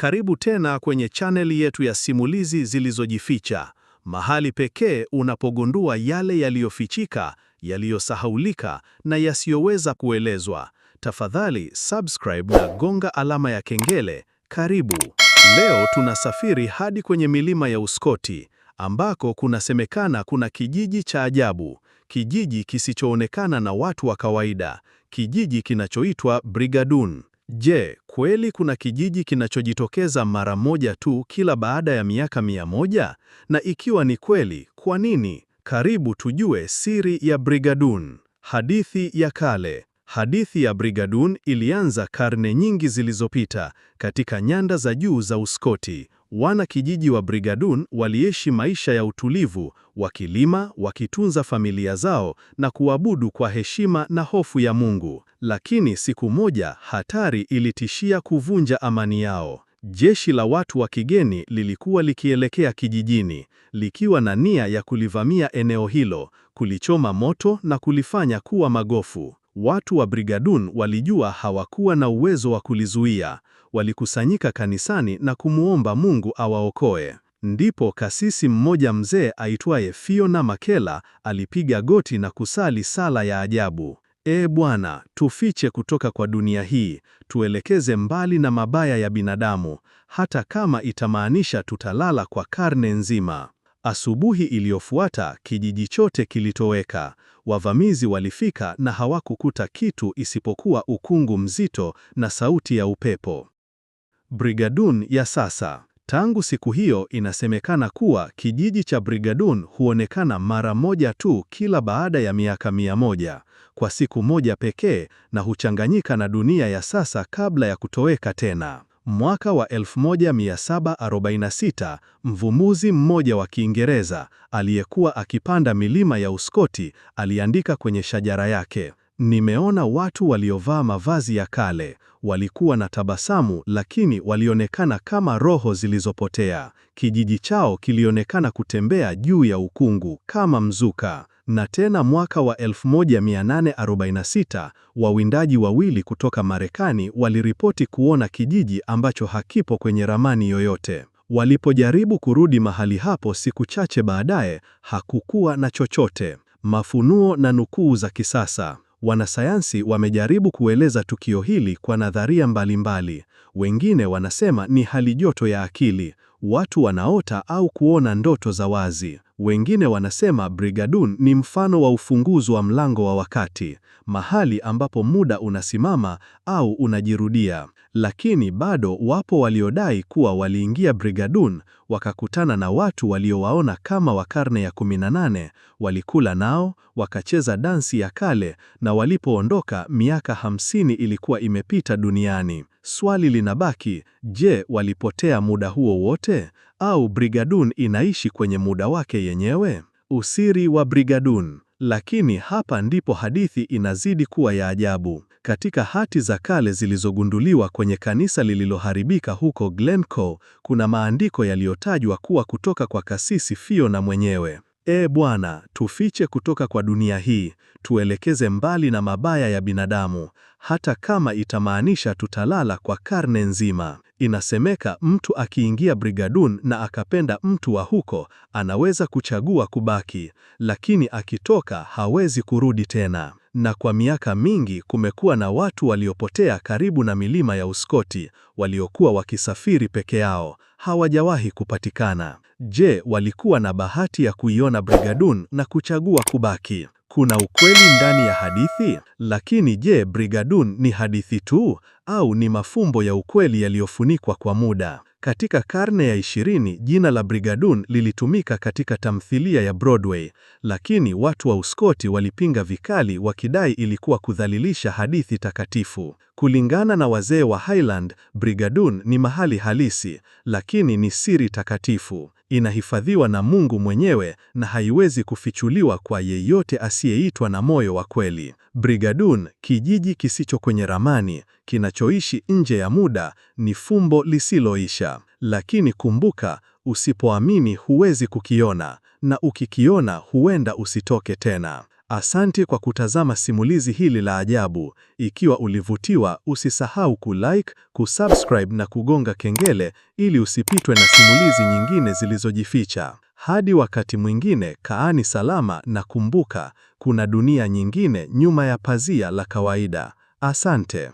Karibu tena kwenye chaneli yetu ya simulizi zilizojificha, mahali pekee unapogundua yale yaliyofichika, yaliyosahaulika na yasiyoweza kuelezwa. Tafadhali subscribe na gonga alama ya kengele. Karibu. Leo tunasafiri hadi kwenye milima ya Uskoti ambako kunasemekana kuna kijiji cha ajabu, kijiji kisichoonekana na watu wa kawaida, kijiji kinachoitwa Brigadoon. Je, kweli kuna kijiji kinachojitokeza mara moja tu kila baada ya miaka mia moja? Na ikiwa ni kweli, kwa nini? Karibu tujue siri ya Brigadoon. Hadithi ya kale. Hadithi ya Brigadoon ilianza karne nyingi zilizopita katika nyanda za juu za Uskoti. Wana kijiji wa Brigadoon waliishi maisha ya utulivu, wakilima, wakitunza familia zao na kuabudu kwa heshima na hofu ya Mungu. Lakini siku moja hatari ilitishia kuvunja amani yao. Jeshi la watu wa kigeni lilikuwa likielekea kijijini, likiwa na nia ya kulivamia eneo hilo, kulichoma moto na kulifanya kuwa magofu. Watu wa Brigadoon walijua hawakuwa na uwezo wa kulizuia. Walikusanyika kanisani na kumwomba Mungu awaokoe. Ndipo kasisi mmoja mzee aitwaye Fiona Makela alipiga goti na kusali sala ya ajabu. Ee Bwana, tufiche kutoka kwa dunia hii, tuelekeze mbali na mabaya ya binadamu, hata kama itamaanisha tutalala kwa karne nzima. Asubuhi iliyofuata kijiji chote kilitoweka. Wavamizi walifika na hawakukuta kitu isipokuwa ukungu mzito na sauti ya upepo. Brigadun ya sasa. Tangu siku hiyo inasemekana kuwa kijiji cha Brigadoon huonekana mara moja tu kila baada ya miaka mia moja kwa siku moja pekee na huchanganyika na dunia ya sasa kabla ya kutoweka tena. Mwaka wa 1746, mvumuzi mmoja wa Kiingereza aliyekuwa akipanda milima ya Uskoti aliandika kwenye shajara yake, Nimeona watu waliovaa mavazi ya kale, walikuwa na tabasamu lakini walionekana kama roho zilizopotea. Kijiji chao kilionekana kutembea juu ya ukungu kama mzuka. Na tena mwaka wa 1846 wawindaji wawili kutoka Marekani waliripoti kuona kijiji ambacho hakipo kwenye ramani yoyote. Walipojaribu kurudi mahali hapo siku chache baadaye, hakukuwa na chochote. Mafunuo na nukuu za kisasa. Wanasayansi wamejaribu kueleza tukio hili kwa nadharia mbalimbali Wengine wanasema ni hali joto ya akili, watu wanaota au kuona ndoto za wazi. Wengine wanasema Brigadoon ni mfano wa ufunguzi wa mlango wa wakati, mahali ambapo muda unasimama au unajirudia. Lakini bado wapo waliodai kuwa waliingia Brigadoon, wakakutana na watu waliowaona kama wa karne ya 18, walikula nao, wakacheza dansi ya kale na walipoondoka miaka 50 ilikuwa imepita duniani. Swali linabaki, je, walipotea muda huo wote au Brigadoon inaishi kwenye muda wake yenyewe? Usiri wa Brigadoon. Lakini hapa ndipo hadithi inazidi kuwa ya ajabu. Katika hati za kale zilizogunduliwa kwenye kanisa lililoharibika huko Glencoe, kuna maandiko yaliyotajwa kuwa kutoka kwa kasisi Fiona mwenyewe. E Bwana, tufiche kutoka kwa dunia hii, tuelekeze mbali na mabaya ya binadamu, hata kama itamaanisha tutalala kwa karne nzima. Inasemeka mtu akiingia Brigadoon na akapenda mtu wa huko, anaweza kuchagua kubaki, lakini akitoka hawezi kurudi tena na kwa miaka mingi kumekuwa na watu waliopotea karibu na milima ya Uskoti, waliokuwa wakisafiri peke yao, hawajawahi kupatikana. Je, walikuwa na bahati ya kuiona Brigadoon na kuchagua kubaki? Kuna ukweli ndani ya hadithi, lakini je, Brigadoon ni hadithi tu au ni mafumbo ya ukweli yaliyofunikwa kwa muda? Katika karne ya ishirini jina la Brigadoon lilitumika katika tamthilia ya Broadway, lakini watu wa Uskoti walipinga vikali wakidai ilikuwa kudhalilisha hadithi takatifu. Kulingana na wazee wa Highland, Brigadoon ni mahali halisi, lakini ni siri takatifu inahifadhiwa na Mungu mwenyewe na haiwezi kufichuliwa kwa yeyote asiyeitwa na moyo wa kweli. Brigadoon, kijiji kisicho kwenye ramani, kinachoishi nje ya muda, ni fumbo lisiloisha. Lakini kumbuka, usipoamini huwezi kukiona, na ukikiona huenda usitoke tena. Asante kwa kutazama simulizi hili la ajabu. Ikiwa ulivutiwa, usisahau kulike, kusubscribe na kugonga kengele ili usipitwe na simulizi nyingine zilizojificha. Hadi wakati mwingine, kaani salama na kumbuka, kuna dunia nyingine nyuma ya pazia la kawaida. Asante.